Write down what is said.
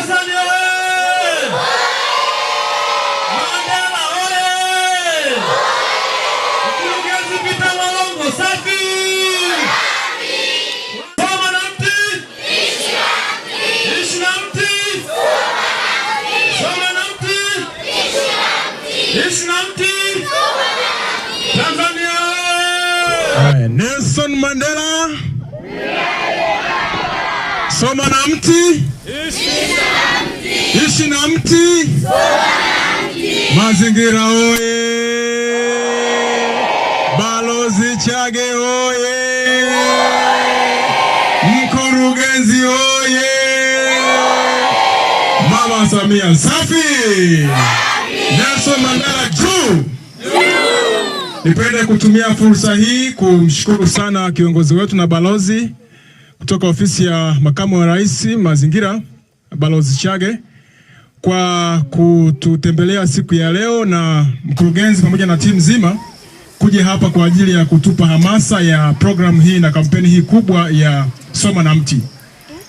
Hassan oye! Mandela oye! Mkurugenzi Peter Malongo safi! Soma na mti! Ishi na mti! Soma na mti! Ishi na mti! Tanzania oye! Nelson Mandela Soma na mti! Ishi! Ishi na mti, mazingira oye! Balozi Chage oye! Mkurugenzi oye! Mama Samia safi! Nelson Mandela juu! Nipende kutumia fursa hii kumshukuru sana kiongozi wetu na balozi kutoka ofisi ya makamu wa rais mazingira, Balozi Chage kwa kututembelea siku ya leo na mkurugenzi pamoja na timu nzima kuja hapa kwa ajili ya kutupa hamasa ya programu hii na kampeni hii kubwa ya Soma na Mti.